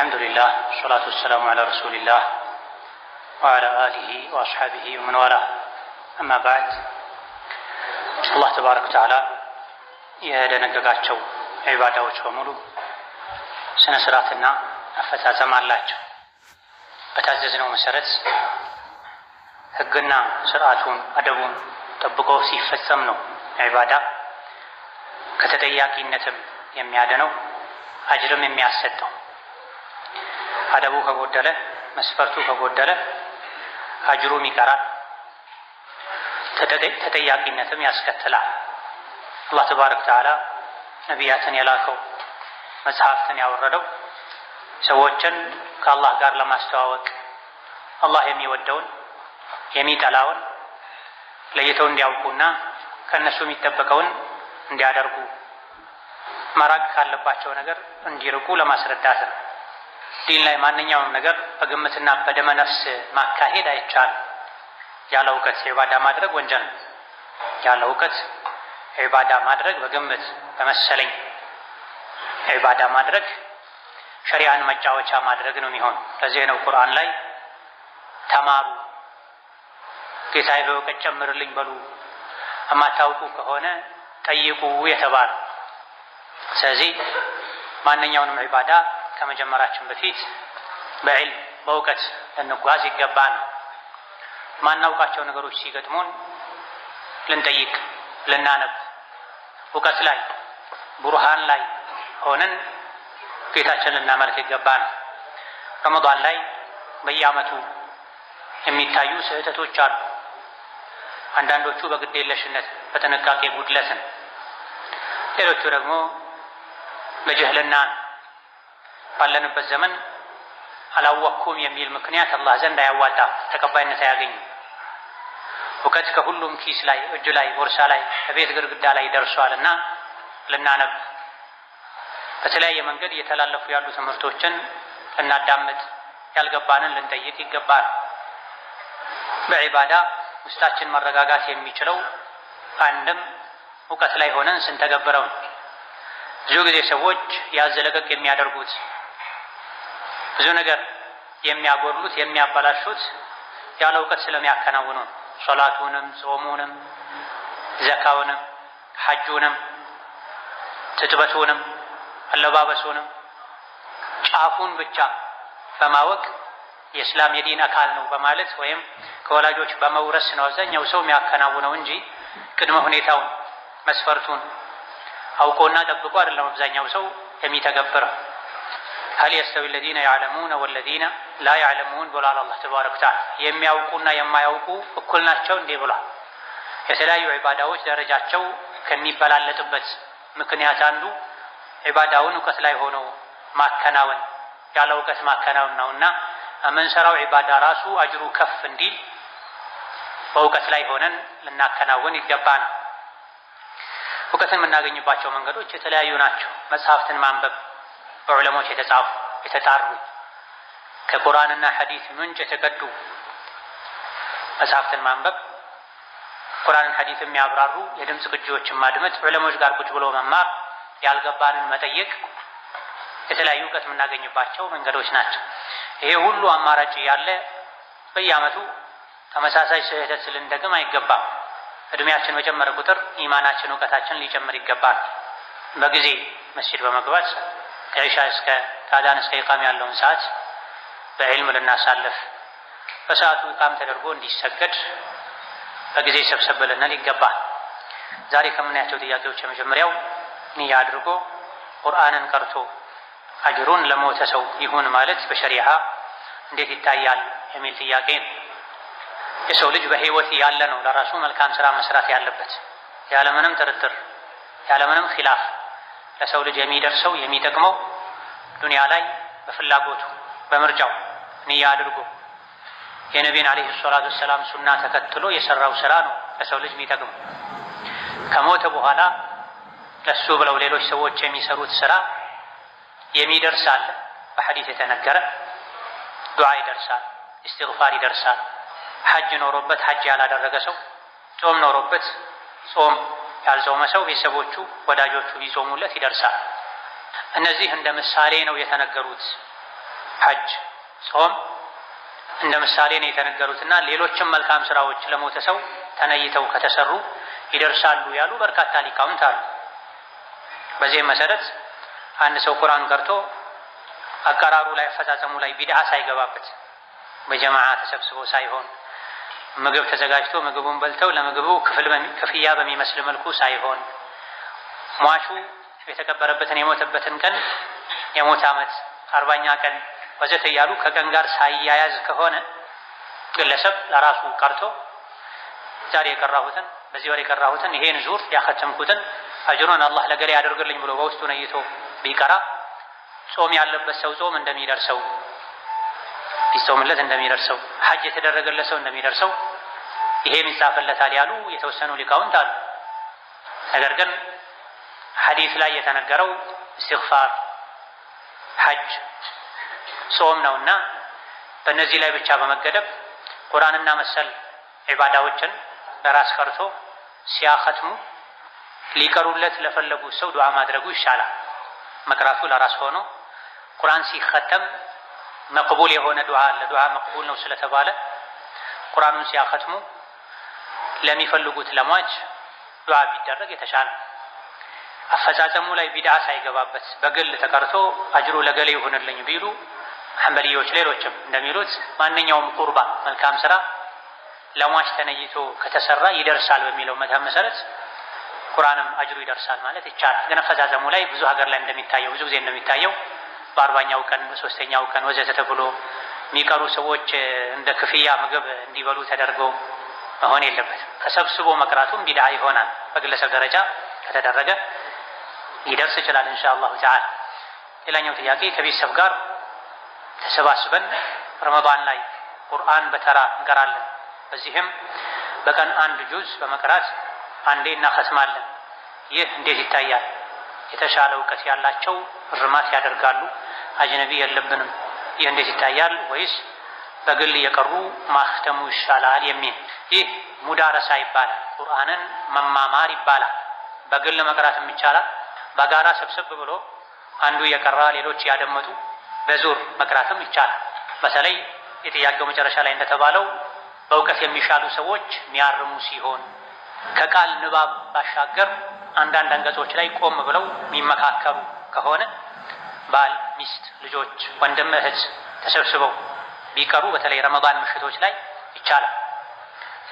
አልሐምዱሊላህ ሰላቱ ወሰላሙ አላ ረሱሊላህ ወአላ አሊሂ ወአስሓቢሂ ወመን ዋላ አማ ባዕድ አላህ ተባረከ ወተዓላ የደነገጋቸው ዒባዳዎች በሙሉ ስነ ስርዓትና አፈጻጸም አላቸው። በታዘዝነው መሰረት ህግና ስርዓቱን አደቡን ጠብቆ ሲፈጸም ነው ዒባዳ ከተጠያቂነትም የሚያድነው አጅርም የሚያሰጠው። አደቡ ከጎደለ መስፈርቱ ከጎደለ አጅሩም ይቀራል፣ ተጠያቂነትም ያስከትላል። አላህ ተባረክ ተዓላ ነቢያትን የላከው መጽሐፍትን ያወረደው ሰዎችን ከአላህ ጋር ለማስተዋወቅ አላህ የሚወደውን የሚጠላውን ለይተው እንዲያውቁና ከእነሱ የሚጠበቀውን እንዲያደርጉ መራቅ ካለባቸው ነገር እንዲርቁ ለማስረዳት ነው። ዲን ላይ ማንኛውም ነገር በግምትና በደመ ነፍስ ማካሄድ አይቻልም። ያለ እውቀት ዒባዳ ማድረግ ወንጀል ነው። ያለ እውቀት ዒባዳ ማድረግ በግምት በመሰለኝ ዒባዳ ማድረግ ሸሪዓን መጫወቻ ማድረግ ነው የሚሆን። ለዚህ ነው ቁርአን ላይ ተማሩ፣ ጌታዬ በእውቀት ጨምርልኝ በሉ፣ የማታውቁ ከሆነ ጠይቁ የተባለ ስለዚህ ማንኛውንም ዒባዳ ከመጀመራችን በፊት በዕልም በእውቀት ልንጓዝ ይገባል። ማናውቃቸው ነገሮች ሲገጥሙን ልንጠይቅ፣ ልናነብ እውቀት ላይ ቡርሃን ላይ ሆነን ጌታችን ልናመልክ ነው። ረመዷን ላይ በየዓመቱ የሚታዩ ስህተቶች አሉ። አንዳንዶቹ በግዴለሽነት በጥንቃቄ ጉድለትን፣ ሌሎቹ ደግሞ በጅህልና ነው። ባለንበት ዘመን አላወቅኩም የሚል ምክንያት አላህ ዘንድ አያዋጣም፣ ተቀባይነት አያገኝም። እውቀት ከሁሉም ኪስ ላይ፣ እጅ ላይ፣ ቦርሳ ላይ፣ ከቤት ግድግዳ ላይ ደርሷል እና ልናነብ በተለያየ መንገድ እየተላለፉ ያሉ ትምህርቶችን ልናዳምጥ ያልገባንን ልንጠይቅ ይገባል። በዒባዳ ውስጣችን መረጋጋት የሚችለው አንድም እውቀት ላይ ሆነን ስንተገብረው ብዙ ጊዜ ሰዎች ያዘለቀቅ የሚያደርጉት ብዙ ነገር የሚያጎድሉት የሚያበላሹት ያለ እውቀት ስለሚያከናውኑ ሶላቱንም፣ ጾሙንም፣ ዘካውንም፣ ሐጁንም፣ ትጥበቱንም፣ አለባበሱንም ጫፉን ብቻ በማወቅ የእስላም የዲን አካል ነው በማለት ወይም ከወላጆች በመውረስ ነው አብዛኛው ሰው የሚያከናውነው እንጂ ቅድመ ሁኔታውን መስፈርቱን አውቆና ጠብቆ አይደለም አብዛኛው ሰው የሚተገብረው። ሀል የስተዊ ለዚነ ያዕለሙነ ወለዚነ ላ ያዕለሙን ብሏል። አላህ ተባረክ ወተዓላ የሚያውቁና የማያውቁ እኩል ናቸው እንዲህ ብሏል። የተለያዩ ዒባዳዎች ደረጃቸው ከሚበላለጥበት ምክንያት አንዱ ዒባዳውን እውቀት ላይ ሆኖ ማከናወን ያለ እውቀት ማከናወን ነው እና የምንሰራው ዒባዳ ራሱ አጅሩ ከፍ እንዲል በእውቀት ላይ ሆነን ልናከናወን ይገባ ነው። እውቀትን የምናገኝባቸው መንገዶች የተለያዩ ናቸው። መጽሐፍትን ማንበብ በዑለሞች የተጻፉ የተጣሩ ከቁርአንና ሐዲስ ምንጭ የተቀዱ መጽሐፍትን ማንበብ ቁርአንን ሐዲስ የሚያብራሩ የድምፅ ቅጂዎችን ማድመጥ ዑለሞች ጋር ቁጭ ብሎ መማር ያልገባንን መጠየቅ የተለያዩ እውቀት የምናገኝባቸው መንገዶች ናቸው። ይሄ ሁሉ አማራጭ ያለ በየዓመቱ ተመሳሳይ ስህተት ስልንደግም አይገባም። እድሜያችን በጨመረ ቁጥር ኢማናችን እውቀታችን ሊጨምር ይገባል። በጊዜ መስጂድ በመግባት ከኢሻ እስከ ከአዳን እስከ ኢቃም ያለውን ሰዓት በዕልም ልናሳልፍ በሰዓቱ ኢቃም ተደርጎ እንዲሰገድ በጊዜ ሰብሰብ ልንል ይገባል። ዛሬ ከምናያቸው ጥያቄዎች የመጀመሪያው ንያ አድርጎ ቁርአንን ቀርቶ አጅሩን ለሞተ ሰው ይሁን ማለት በሸሪዓ እንዴት ይታያል የሚል ጥያቄ ነው። የሰው ልጅ በህይወት ያለ ነው ለራሱ መልካም ስራ መስራት ያለበት ያለምንም ጥርጥር ያለምንም ኺላፍ ለሰው ልጅ የሚደርሰው የሚጠቅመው ዱንያ ላይ በፍላጎቱ በምርጫው ንያ አድርጎ የነቢን ዓለይሂ ሰላቱ ወሰላም ሱና ተከትሎ የሰራው ስራ ነው ለሰው ልጅ የሚጠቅመው። ከሞተ በኋላ ለሱ ብለው ሌሎች ሰዎች የሚሰሩት ስራ የሚደርሳል። በሐዲስ የተነገረ ዱዓ ይደርሳል፣ እስትግፋር ይደርሳል። ሐጅ ኖሮበት ሐጅ ያላደረገ ሰው፣ ጾም ኖሮበት ጾም ያልጾመ ሰው ቤተሰቦቹ፣ ወዳጆቹ ቢጾሙለት ይደርሳል። እነዚህ እንደ ምሳሌ ነው የተነገሩት። ሐጅ፣ ጾም እንደ ምሳሌ ነው የተነገሩትና ሌሎችም መልካም ስራዎች ለሞተ ሰው ተነይተው ከተሰሩ ይደርሳሉ ያሉ በርካታ ሊቃውንት አሉ። በዚህም መሰረት አንድ ሰው ቁርአን ቀርቶ አቀራሩ ላይ አፈጻጸሙ ላይ ቢድዓ ሳይገባበት በጀማዓ ተሰብስቦ ሳይሆን ምግብ ተዘጋጅቶ ምግቡን በልተው ለምግቡ ክፍል ክፍያ በሚመስል መልኩ ሳይሆን ሟቹ የተቀበረበትን የሞተበትን ቀን የሞት ዓመት አርባኛ ቀን ወዘተ እያሉ ከቀን ጋር ሳያያዝ ከሆነ ግለሰብ ለራሱ ቀርቶ ዛሬ የቀራሁትን በዚህ ወር የቀራሁትን ይሄን ዙር ያከተምኩትን አጅሮን አላህ ለገሌ ያደርግልኝ ብሎ በውስጡ ነይቶ ቢቀራ ጾም ያለበት ሰው ጾም እንደሚደርሰው ሊጾምለት እንደሚደርሰው ሐጅ የተደረገለት ሰው እንደሚደርሰው ይሄም ይጻፈለታል ያሉ የተወሰኑ ሊቃውንት አሉ። ነገር ግን ሐዲስ ላይ የተነገረው እስትግፋር፣ ሐጅ፣ ጾም ነውና በእነዚህ ላይ ብቻ በመገደብ ቁርአንና መሰል ዒባዳዎችን በራስ ቀርቶ ሲያኸትሙ ሊቀሩለት ለፈለጉ ሰው ዱዓ ማድረጉ ይሻላል። መቅራቱ ለራስ ሆኖ ቁርአን ሲኸተም መቅቡል የሆነ ዱዓ አለ። ዱዓ መቅቡል ነው ስለተባለ ቁርአኑን ሲያከትሙ ለሚፈልጉት ለሟች ዱዓ ቢደረግ የተሻለ አፈጻጸሙ ላይ ቢድዓ ሳይገባበት በግል ተቀርቶ አጅሩ ለገሌ ይሁንልኝ ቢሉ ሐንበልዮች፣ ሌሎችም እንደሚሉት ማንኛውም ቁርባ መልካም ስራ ለሟች ተነይቶ ከተሰራ ይደርሳል በሚለው መዝሀብ መሰረት ቁርአንም አጅሩ ይደርሳል ማለት ይቻላል። ግን አፈጻጸሙ ላይ ብዙ ሀገር ላይ እንደሚታየው ብዙ ጊዜ እንደሚታየው በአርባኛው ቀን በሶስተኛው ቀን ወዘተ ተብሎ የሚቀሩ ሰዎች እንደ ክፍያ ምግብ እንዲበሉ ተደርጎ መሆን የለበትም። ተሰብስቦ መቅራቱም ቢድዓ ይሆናል። በግለሰብ ደረጃ ከተደረገ ሊደርስ ይችላል እንሻ አላሁ ተዓላ። ሌላኛው ጥያቄ ከቤተሰብ ጋር ተሰባስበን ረመዳን ላይ ቁርአን በተራ እንቀራለን። በዚህም በቀን አንድ ጁዝ በመቅራት አንዴ እናከስማለን። ይህ እንዴት ይታያል? የተሻለ እውቀት ያላቸው እርማት ያደርጋሉ። አጅነቢ የለብንም። ይህ እንዴት ይታያል? ወይስ በግል እየቀሩ ማክተሙ ይሻላል የሚል ይህ ሙዳረሳ ይባላል። ቁርአንን መማማር ይባላል። በግል መቅራትም ይቻላል። በጋራ ሰብሰብ ብሎ አንዱ እየቀራ ሌሎች ያደመጡ በዙር መቅራትም ይቻላል። በተለይ የጥያቄው መጨረሻ ላይ እንደተባለው በእውቀት የሚሻሉ ሰዎች የሚያርሙ ሲሆን ከቃል ንባብ ባሻገር አንዳንድ አንቀጾች ላይ ቆም ብለው የሚመካከሩ ከሆነ ባል፣ ሚስት፣ ልጆች፣ ወንድም፣ እህት ተሰብስበው ቢቀሩ በተለይ ረመዳን ምሽቶች ላይ ይቻላል።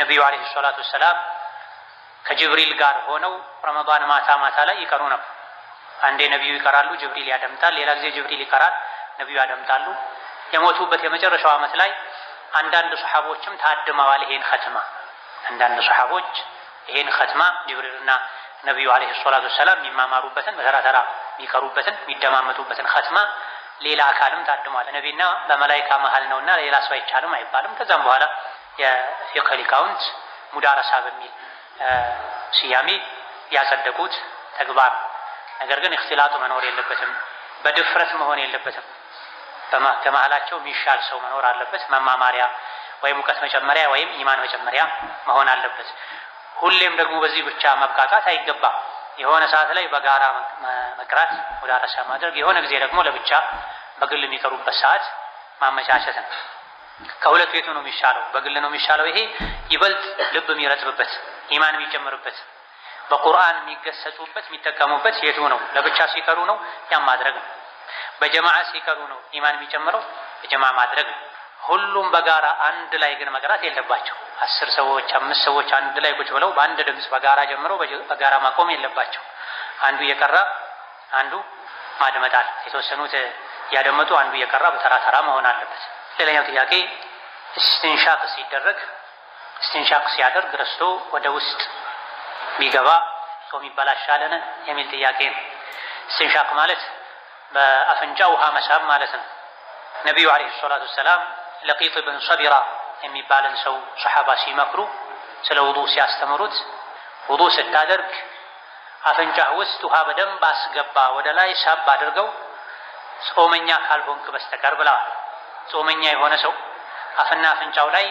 ነቢዩ ዓለይሂ ሰላቱ ወሰላም ከጅብሪል ጋር ሆነው ረመዳን ማታ ማታ ላይ ይቀሩ ነው። አንዴ ነቢዩ ይቀራሉ፣ ጅብሪል ያደምጣል። ሌላ ጊዜ ጅብሪል ይቀራል፣ ነቢዩ ያደምጣሉ። የሞቱበት የመጨረሻው ዓመት ላይ አንዳንድ ሰሓቦችም ታድመዋል ይሄን ከትማ አንዳንድ ሰሓቦች ይሄን ከትማ ጅብሪልና ነቢዩ ዓለይሂ ሰላቱ ወሰላም የሚማማሩበትን ተራ ተራ የሚቀሩበትን የሚደማመጡበትን ኸትማ ሌላ አካልም ታድሟል። ነቢና በመላይካ መሀል ነውና ሌላ ሰው አይቻልም አይባልም። ከዛም በኋላ የፊቅህ ሊቃውንት ሙዳረሳ በሚል ስያሜ ያጸደቁት ተግባር። ነገር ግን እክትላጡ መኖር የለበትም፣ በድፍረት መሆን የለበትም። ከመሀላቸው የሚሻል ሰው መኖር አለበት። መማማሪያ ወይም እውቀት መጨመሪያ ወይም ኢማን መጨመሪያ መሆን አለበት። ሁሌም ደግሞ በዚህ ብቻ መብቃቃት አይገባም። የሆነ ሰዓት ላይ በጋራ መቅራት ወደ ማድረግ፣ የሆነ ጊዜ ደግሞ ለብቻ በግል የሚቀሩበት ሰዓት ማመቻቸት ነው። ከሁለቱ የቱ ነው የሚሻለው? በግል ነው የሚሻለው። ይሄ ይበልጥ ልብ የሚረጥብበት ኢማን የሚጨምርበት በቁርአን የሚገሰጹበት የሚጠቀሙበት የቱ ነው? ለብቻ ሲቀሩ ነው። ያም ማድረግ ነው። በጀማዓ ሲቀሩ ነው ኢማን የሚጨምረው። በጀማዓ ማድረግ ነው። ሁሉም በጋራ አንድ ላይ ግን መቅራት የለባቸው። አስር ሰዎች አምስት ሰዎች አንድ ላይ ቁጭ ብለው በአንድ ድምፅ በጋራ ጀምሮ በጋራ ማቆም የለባቸው። አንዱ እየቀራ አንዱ ማድመጣል። የተወሰኑት እያደመጡ አንዱ እየቀራ በተራ ተራ መሆን አለበት። ሌላኛው ጥያቄ እስትንሻቅ ሲደረግ እስትንሻቅ ሲያደርግ ረስቶ ወደ ውስጥ ቢገባ ጾም ይበላሻልን የሚል ጥያቄ ነው። እስትንሻቅ ማለት በአፍንጫ ውሃ መሳብ ማለት ነው። ነቢዩ ዓለይሂ ሰላቱ ወሰላም ለቂጥ ብን ሰቢራ የሚባለን ሰው ሰሓባ ሲመክሩ ስለ ውዱእ ሲያስተምሩት ውዱእ ስታደርግ አፍንጫህ ውስጥ ውሃ በደንብ አስገባ፣ ወደ ላይ ሳብ አድርገው ጾመኛ ካልሆንክ በስተቀር ብለዋል። ጾመኛ የሆነ ሰው አፍና አፍንጫው ላይ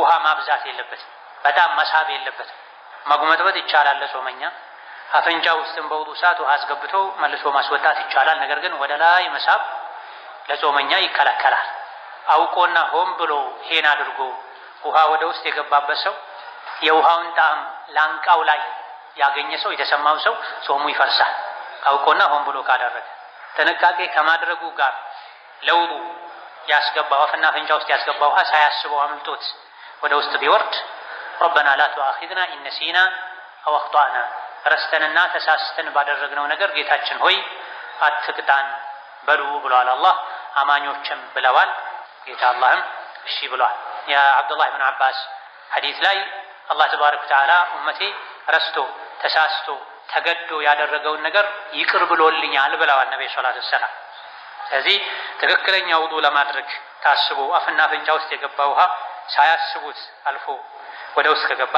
ውሃ ማብዛት የለበትም፣ በጣም መሳብ የለበትም። መጉመጥበጥ ይቻላል ለጾመኛ አፍንጫ ውስጥም በውዱ ሰዓት ውሃ አስገብቶ መልሶ ማስወጣት ይቻላል። ነገር ግን ወደ ላይ መሳብ ለጾመኛ ይከለከላል። አውቆና ሆን ብሎ ሄን አድርጎ ውሃ ወደ ውስጥ የገባበት ሰው የውሃውን ጣዕም ላንቃው ላይ ያገኘ ሰው የተሰማው ሰው ጾሙ ይፈርሳል። አውቆና ሆን ብሎ ካደረገ ጥንቃቄ ከማድረጉ ጋር ለውጡ ያስገባ አፍና አፍንጫ ውስጥ ያስገባ ውሃ ሳያስበው አምልጦት ወደ ውስጥ ቢወርድ ረበና ላ ተዋኺዝና ኢነሲና አው ረስተንና ተሳስተን ባደረግነው ነገር ጌታችን ሆይ አትቅጣን በሉ ብሏል አላህ አማኞችም ብለዋል። ጌታ አላህም እሺ ብሏል። የአብዱላህ ብን አባስ ሐዲስ ላይ አላህ ተባረከ ወተዓላ ኡመቴ ረስቶ ተሳስቶ ተገዶ ያደረገውን ነገር ይቅር ብሎልኛል ብለዋል ነቢ ሰላት ወሰላም። ስለዚህ ትክክለኛ ውጡ ለማድረግ ታስቦ አፍና አፍንጫ ውስጥ የገባ ውሃ ሳያስቡት አልፎ ወደ ውስጥ ከገባ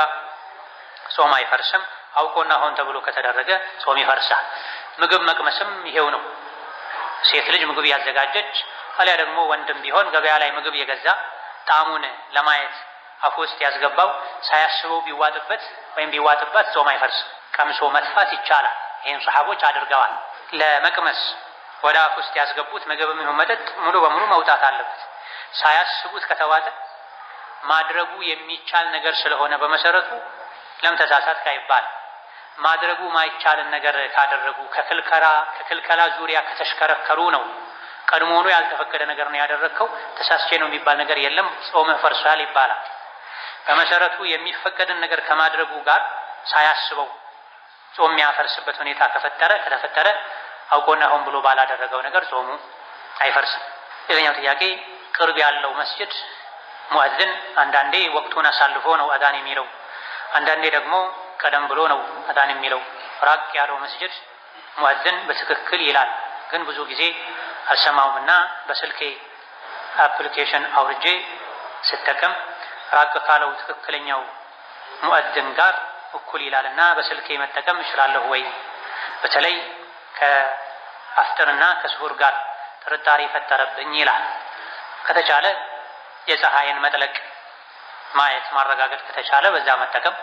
ጾም አይፈርስም። አውቆና ሆን ተብሎ ከተደረገ ጾም ይፈርሳል። ምግብ መቅመስም ይሄው ነው። ሴት ልጅ ምግብ ያዘጋጀች አሊያ ደግሞ ወንድም ቢሆን ገበያ ላይ ምግብ የገዛ ጣዕሙን ለማየት አፍ ውስጥ ያስገባው ሳያስበው ቢዋጥበት ወይም ቢዋጥበት ጾም አይፈርስ ቀምሶ መጥፋት ይቻላል። ይህን ሰሓቦች አድርገዋል። ለመቅመስ ወደ አፍ ውስጥ ያስገቡት ምግብ የሚሆን መጠጥ ሙሉ በሙሉ መውጣት አለበት። ሳያስቡት ከተዋጠ ማድረጉ የሚቻል ነገር ስለሆነ በመሰረቱ ለምተሳሳት ካይባል ማድረጉ ማይቻልን ነገር ካደረጉ ከክልከላ ዙሪያ ከተሽከረከሩ ነው ቀድሞውኑ ያልተፈቀደ ነገር ነው ያደረግከው፣ ተሳስቼ ነው የሚባል ነገር የለም። ጾመ ፈርሷል ይባላል። በመሰረቱ የሚፈቀድን ነገር ከማድረጉ ጋር ሳያስበው ጾም የሚያፈርስበት ሁኔታ ከፈጠረ ከተፈጠረ አውቆና ሆን ብሎ ባላደረገው ነገር ጾሙ አይፈርስም። ሌላኛው ጥያቄ ቅርብ ያለው መስጅድ ሙአዝን አንዳንዴ ወቅቱን አሳልፎ ነው አዛን የሚለው፣ አንዳንዴ ደግሞ ቀደም ብሎ ነው አዛን የሚለው። ራቅ ያለው መስጅድ ሙአዝን በትክክል ይላል፣ ግን ብዙ ጊዜ አልሰማውም እና በስልኬ አፕሊኬሽን አውርጄ ስጠቀም ራቅ ካለው ትክክለኛው ሙአድን ጋር እኩል ይላልና በስልኬ መጠቀም እችላለሁ ወይ? በተለይ ከአፍጥርና ከስሁር ጋር ጥርጣሬ ፈጠረብኝ ይላል። ከተቻለ የፀሐይን መጥለቅ ማየት ማረጋገጥ ከተቻለ በዛ መጠቀም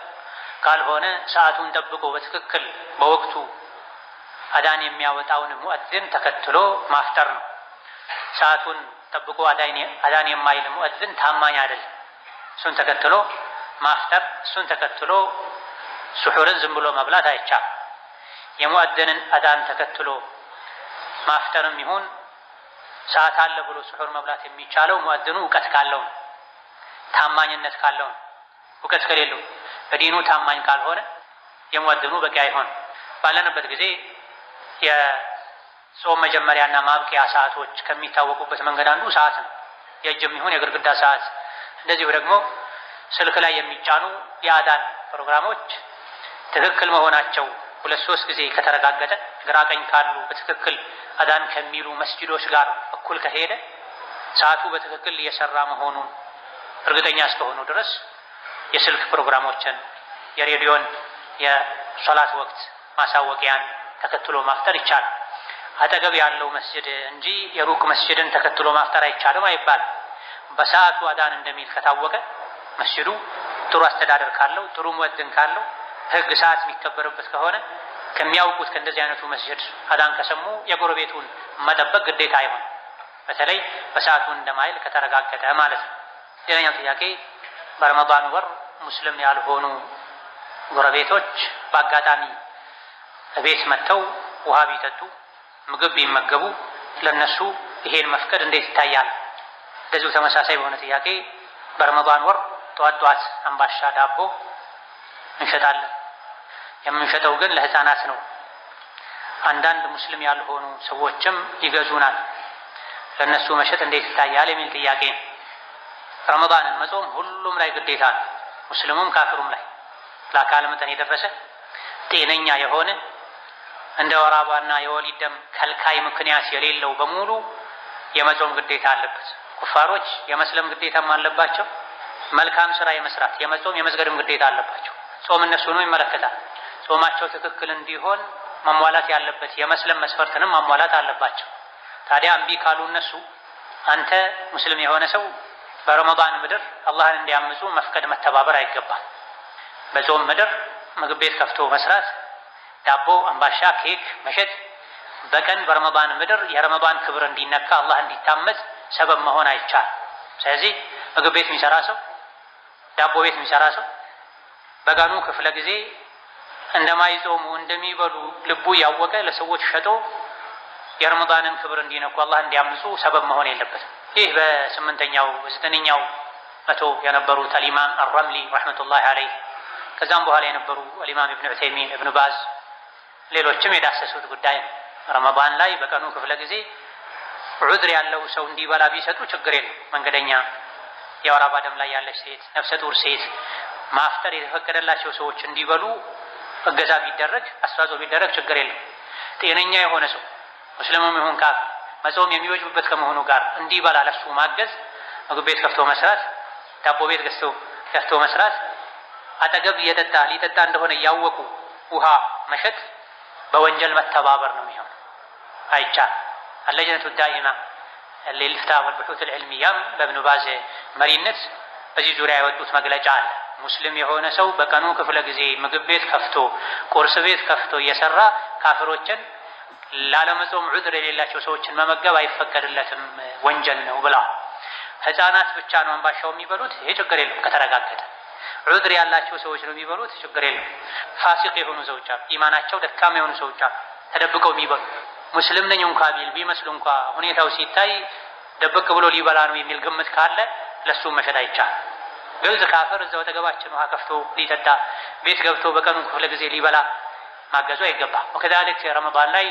ካልሆነ ሰዓቱን ጠብቆ በትክክል በወቅቱ አዳን የሚያወጣውን ሙእዝን ተከትሎ ማፍጠር ነው። ሰዓቱን ጠብቆ አዳን የማይል ሙእዝን ታማኝ አይደለም። እሱን ተከትሎ ማፍጠር፣ እሱን ተከትሎ ሱሑርን ዝም ብሎ መብላት አይቻልም። የሙእዝንን አዳን ተከትሎ ማፍጠርም ይሁን ሰዓት አለ ብሎ ሱሑር መብላት የሚቻለው ሙእዝኑ እውቀት ካለው ነው፣ ታማኝነት ካለው ነው። እውቀት ከሌለው በዲኑ ታማኝ ካልሆነ የሙእዝኑ በቂ አይሆን ባለንበት ጊዜ የጾም መጀመሪያና ማብቂያ ሰዓቶች ከሚታወቁበት መንገድ አንዱ ሰዓት ነው። የእጅ የሚሆን የግድግዳ ሰዓት፣ እንደዚሁ ደግሞ ስልክ ላይ የሚጫኑ የአዳን ፕሮግራሞች ትክክል መሆናቸው ሁለት ሶስት ጊዜ ከተረጋገጠ ግራ ቀኝ ካሉ በትክክል አዳን ከሚሉ መስጂዶች ጋር እኩል ከሄደ ሰዓቱ በትክክል እየሰራ መሆኑን እርግጠኛ እስከሆኑ ድረስ የስልክ ፕሮግራሞችን፣ የሬዲዮን፣ የሶላት ወቅት ማሳወቂያን ተከትሎ ማፍጠር ይቻላል። አጠገብ ያለው መስጅድ እንጂ የሩቅ መስጅድን ተከትሎ ማፍጠር አይቻልም አይባልም። በሰዓቱ አዳን እንደሚል ከታወቀ መስጅዱ ጥሩ አስተዳደር ካለው ጥሩ ሙአዚን ካለው ህግ ሰዓት የሚከበርበት ከሆነ ከሚያውቁት ከእንደዚህ አይነቱ መስጅድ አዳን ከሰሙ የጎረቤቱን መጠበቅ ግዴታ አይሆን፣ በተለይ በሰዓቱ እንደማይል ከተረጋገጠ ማለት ነው። ሌላኛው ጥያቄ በረመዳን ወር ሙስሊም ያልሆኑ ጎረቤቶች በአጋጣሚ ቤት መጥተው ውሃ ቢጠጡ ምግብ ቢመገቡ ለነሱ ይሄን መፍቀድ እንዴት ይታያል? እንደዚሁ ተመሳሳይ በሆነ ጥያቄ በረመዳን ወር ጠዋት ጠዋት አምባሻ ዳቦ እንሸጣለን። የምንሸጠው ግን ለህፃናት ነው። አንዳንድ ሙስሊም ያልሆኑ ሰዎችም ይገዙናል። ለእነሱ መሸጥ እንዴት ይታያል የሚል ጥያቄ ነው። ረመዳንን መጾም ሁሉም ላይ ግዴታ ነው፣ ሙስሊሙም ካፍሩም ላይ ለአካል መጠን የደረሰ ጤነኛ የሆነ እንደ ወራባና የወሊድ ደም ከልካይ ምክንያት የሌለው በሙሉ የመጾም ግዴታ አለበት። ኩፋሮች የመስለም ግዴታም አለባቸው። መልካም ስራ የመስራት የመጾም የመስገድም ግዴታ አለባቸው። ጾም ነው ይመለከታል። ጾማቸው ትክክል እንዲሆን ማሟላት ያለበት የመስለም መስፈርትንም ማሟላት አለባቸው። ታዲያ እምቢ ካሉ እነሱ አንተ ሙስሊም የሆነ ሰው በረመዳን ምድር አላህን እንዲያምፁ መፍቀድ መተባበር አይገባም። በጾም ምድር ምግብ ቤት ከፍቶ መስራት ዳቦ፣ አምባሻ፣ ኬክ መሸጥ በቀን በረመዳን ምድር የረመዳን ክብር እንዲነካ አላህ እንዲታመጽ ሰበብ መሆን አይቻልም። ስለዚህ ምግብ ቤት የሚሰራ ሰው፣ ዳቦ ቤት የሚሰራ ሰው በቀኑ ክፍለ ጊዜ እንደማይጾሙ እንደሚበሉ ልቡ ያወቀ ለሰዎች ሸጦ የረመዳንን ክብር እንዲነኩ አላህ እንዲያምፁ ሰበብ መሆን የለበትም። ይህ በስምንተኛው ዘጠነኛው መቶ የነበሩት አልኢማም አልረምሊ ረሕመቱላሂ አለይህ ከዛም በኋላ የነበሩ አልኢማም ኢብኑ ዑሰይሚን፣ ኢብኑ ባዝ ሌሎችም የዳሰሱት ጉዳይ ነው። ረመባን ላይ በቀኑ ክፍለ ጊዜ ዑድር ያለው ሰው እንዲበላ ቢሰጡ ችግር የለም። መንገደኛ፣ የወር አበባ ደም ላይ ያለች ሴት፣ ነፍሰ ጡር ሴት፣ ማፍጠር የተፈቀደላቸው ሰዎች እንዲበሉ እገዛ ቢደረግ አስተዋጽኦ ቢደረግ ችግር የለም። ጤነኛ የሆነ ሰው ሙስሊሙም ይሁን ካፍ መጾም የሚወጅብበት ከመሆኑ ጋር እንዲበላ ለሱ ማገዝ፣ ምግብ ቤት ከፍቶ መስራት፣ ዳቦ ቤት ገዝቶ ከፍቶ መስራት፣ አጠገብ እየጠጣ ሊጠጣ እንደሆነ እያወቁ ውሃ መሸጥ በወንጀል መተባበር ነው የሚሆን አይቻል አለጀነቱ ዳኢማ ሌልፍታ ወልብሑት ልዕልሚያም በእብኑ ባዝ መሪነት በዚህ ዙሪያ የወጡት መግለጫ አለ። ሙስሊም የሆነ ሰው በቀኑ ክፍለ ጊዜ ምግብ ቤት ከፍቶ ቁርስ ቤት ከፍቶ እየሰራ ካፍሮችን ላለመጾም ዑድር የሌላቸው ሰዎችን መመገብ አይፈቀድለትም፣ ወንጀል ነው ብለዋል። ህፃናት ብቻ ነው አንባሻው የሚበሉት። ይሄ ችግር የለም ከተረጋገጠ ዑድር ያላቸው ሰዎች ነው የሚበሉት፣ ችግር የለም። ፋሲቅ የሆኑ ሰዎች አሉ፣ ኢማናቸው ደካማ የሆኑ ሰዎች አሉ፣ ተደብቀው የሚበሉ ሙስሊም ነኝ እንኳ ቢል ቢመስሉ እንኳ ሁኔታው ሲታይ ደብቅ ብሎ ሊበላ ነው የሚል ግምት ካለ ለሱ መሸጥ አይቻል። ግልጽ ካፈር እዛው አጠገባችን ውሃ ከፍቶ ሊጠጣ ቤት ገብቶ በቀኑ ክፍለ ጊዜ ሊበላ ማገዙ አይገባ። ወከዛሊክ ረመዳን ላይ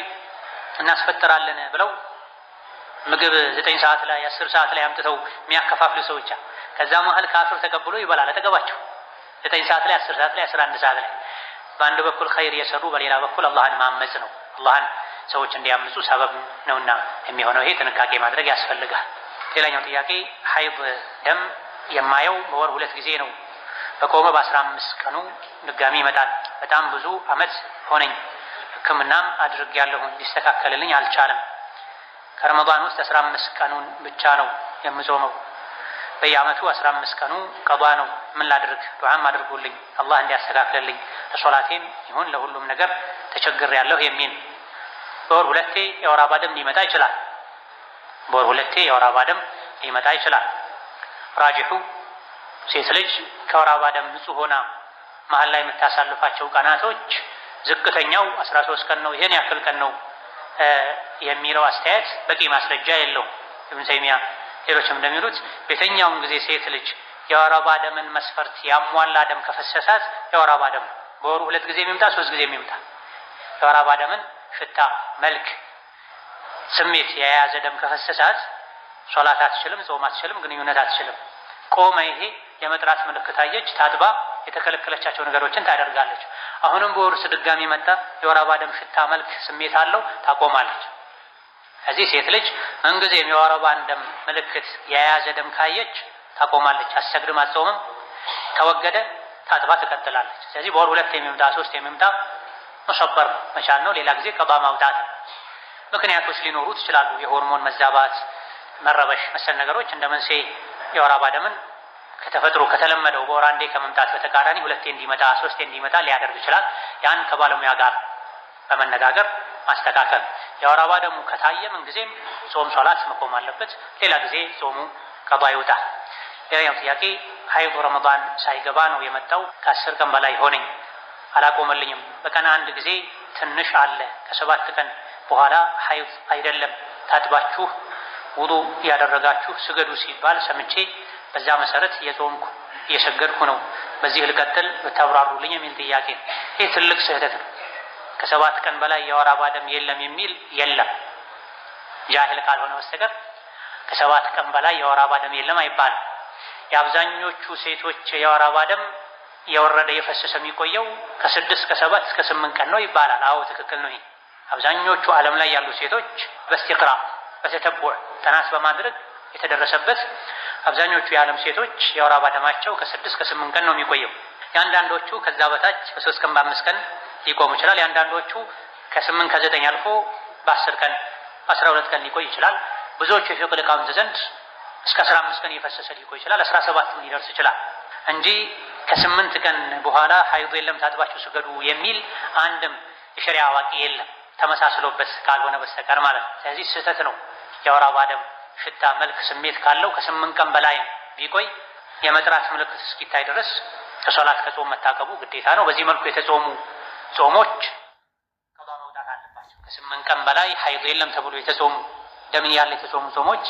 እናስፈጥራለን ብለው ምግብ ዘጠኝ ሰዓት ላይ አስር ሰዓት ላይ አምጥተው የሚያከፋፍሉ ሰዎች አሉ። ከዛ መሀል ካፍር ተቀብሎ ይበላል። አጠገባቸው ዘጠኝ ሰዓት ላይ አስር ሰዓት ላይ አስራ አንድ ሰዓት ላይ በአንድ በኩል ኸይር የሰሩ በሌላ በኩል አላህን ማመፅ ነው። አላህን ሰዎች እንዲያምፁ ሰበብ ነውና የሚሆነው ይሄ ጥንቃቄ ማድረግ ያስፈልጋል። ሌላኛው ጥያቄ ሀይድ ደም የማየው በወር ሁለት ጊዜ ነው። በቆመ በአስራ አምስት ቀኑ ድጋሚ ይመጣል። በጣም ብዙ አመት ሆነኝ። ሕክምናም አድርጌያለሁ ሊስተካከልልኝ አልቻለም። ከረመዳን ውስጥ አስራ አምስት ቀኑን ብቻ ነው የምጾመው። በየዓመቱ አስራ አምስት ቀኑ ቀዷ ነው። ምን ላድርግ? ዱዓም አድርጉልኝ አላህ እንዲያስተካክልልኝ ለሶላቴም ይሁን ለሁሉም ነገር ተቸግር ያለሁ የሚል በወር ሁለቴ የወር ሊመጣ ይችላል። በወር ሁለቴ የወር ሊመጣ ይችላል። ራጅሑ ሴት ልጅ ከወር አበባ ንጹህ ሆና መሀል ላይ የምታሳልፋቸው ቀናቶች ዝቅተኛው አስራ ሶስት ቀን ነው ይህን ያክል ቀን ነው የሚለው አስተያየት በቂ ማስረጃ የለውም። ኢብኑ ተይሚያ ሌሎችም እንደሚሉት በየትኛውም ጊዜ ሴት ልጅ የወረባ ደምን መስፈርት ያሟላ ደም ከፈሰሳት የወረባ ደም በወሩ ሁለት ጊዜ የሚምጣ ሶስት ጊዜ የሚምጣ የወረባ ደምን ሽታ፣ መልክ፣ ስሜት የያዘ ደም ከፈሰሳት ሶላት አትችልም፣ ጾም አትችልም፣ ግንኙነት አትችልም። ቆመ ይሄ የመጥራት ምልክት አየች፣ ታጥባ የተከለከለቻቸው ነገሮችን ታደርጋለች። አሁንም በወሩ ስድጋሚ መጣ፣ የወረባ ደም ሽታ፣ መልክ፣ ስሜት አለው፣ ታቆማለች። እዚህ ሴት ልጅ ምንጊዜ የሚወረባን ደም ምልክት የያዘ ደም ካየች ታቆማለች። አሰግድም፣ አጾምም፣ ተወገደ፣ ታጥባ ትቀጥላለች። ስለዚህ በወር ሁለት የሚምጣ ሶስት የሚምጣ መሸበር ነው መቻል ነው። ሌላ ጊዜ ቀባ ማውጣት ነው። ምክንያቶች ሊኖሩ ትችላሉ። የሆርሞን መዛባት፣ መረበሽ መሰል ነገሮች እንደ መንስኤ የወር አበባ ደምን ከተፈጥሮ ከተለመደው በወር አንዴ ከመምጣት በተቃራኒ ሁለቴ እንዲመጣ ሶስቴ እንዲመጣ ሊያደርግ ይችላል። ያን ከባለሙያ ጋር በመነጋገር ማስተካከል። የወር አበባ ደግሞ ከታየ ምንጊዜም ጾም ሶላት መቆም አለበት። ሌላ ጊዜ ጾሙ ቀባ ይውጣል። ሌላኛው ጥያቄ ሀይድ ረመዳን ሳይገባ ነው የመጣው። ከአስር ቀን በላይ ሆነኝ አላቆመልኝም። በቀን አንድ ጊዜ ትንሽ አለ። ከሰባት ቀን በኋላ ሀይድ አይደለም ታጥባችሁ ውዱ ያደረጋችሁ ስገዱ ሲባል ሰምቼ በዛ መሰረት እየጾምኩ እየሰገድኩ ነው። በዚህ ልቀጥል ብታብራሩልኝ የሚል ጥያቄ። ይህ ትልቅ ስህተት ነው። ከሰባት ቀን በላይ የወር አበባ ደም የለም የሚል የለም፣ ጃህል ካልሆነ በስተቀር ከሰባት ቀን በላይ የወር አበባ ደም የለም አይባልም። የአብዛኞቹ ሴቶች የወር አበባ ደም የወረደ የፈሰሰ የሚቆየው ከስድስት ከሰባት እስከ ስምንት ቀን ነው ይባላል። አዎ ትክክል ነው። አብዛኞቹ ዓለም ላይ ያሉ ሴቶች በስቲቅራ በተተቡዕ ተናስ በማድረግ የተደረሰበት አብዛኞቹ የዓለም ሴቶች የወር አበባ ደማቸው ከስድስት ከስምንት ቀን ነው የሚቆየው። የአንዳንዶቹ ከዛ በታች በሶስት ቀን በአምስት ቀን ሊቆም ይችላል። የአንዳንዶቹ ከስምንት ከዘጠኝ አልፎ በአስር ቀን አስራ ሁለት ቀን ሊቆይ ይችላል። ብዙዎቹ የፊቅህ ሊቃውንት ዘንድ እስከ አስራ አምስት ቀን እየፈሰሰ ሊቆይ ይችላል። አስራ ሰባትም ሊደርስ ይችላል እንጂ ከስምንት ቀን በኋላ ሀይዱ የለም ታጥባችሁ ስገዱ የሚል አንድም የሸሪያ አዋቂ የለም ተመሳስሎበት ካልሆነ በስተቀር ማለት ነው። ስለዚህ ስህተት ነው። የወር አበባ ደም ሽታ፣ መልክ፣ ስሜት ካለው ከስምንት ቀን በላይ ቢቆይ የመጥራት ምልክት እስኪታይ ድረስ ከሶላት ከጾም መታቀቡ ግዴታ ነው። በዚህ መልኩ የተጾሙ ጾሞች ቀዷ መውጣት አለባቸው። ከስምንት ቀን በላይ ሀይድ የለም ተብሎ የተጾሙ ደምን ያለ የተጾሙ ጾሞች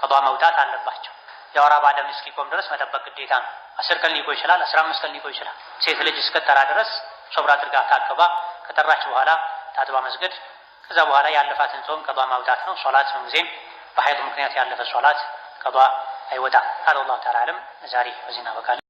ቀዷ መውጣት አለባቸው። የወር አበባ ደም እስኪቆም ድረስ መጠበቅ ግዴታ ነው። አስር ቀን ሊቆይ ይችላል። አስራ አምስት ቀን ሊቆይ ይችላል። ሴት ልጅ እስከጠራ ድረስ ሶብር አድርጋ ታቅባ ከጠራች በኋላ ታጥባ መስገድ፣ ከዛ በኋላ ያለፋትን ጾም ቀዷ ማውጣት ነው። ሶላት ነው ጊዜም በሀይድ ምክንያት ያለፈ ሶላት ቀዷ አይወጣም። አላሁ ተዓላ አለም። ዛሬ በዚህ እናበቃለን።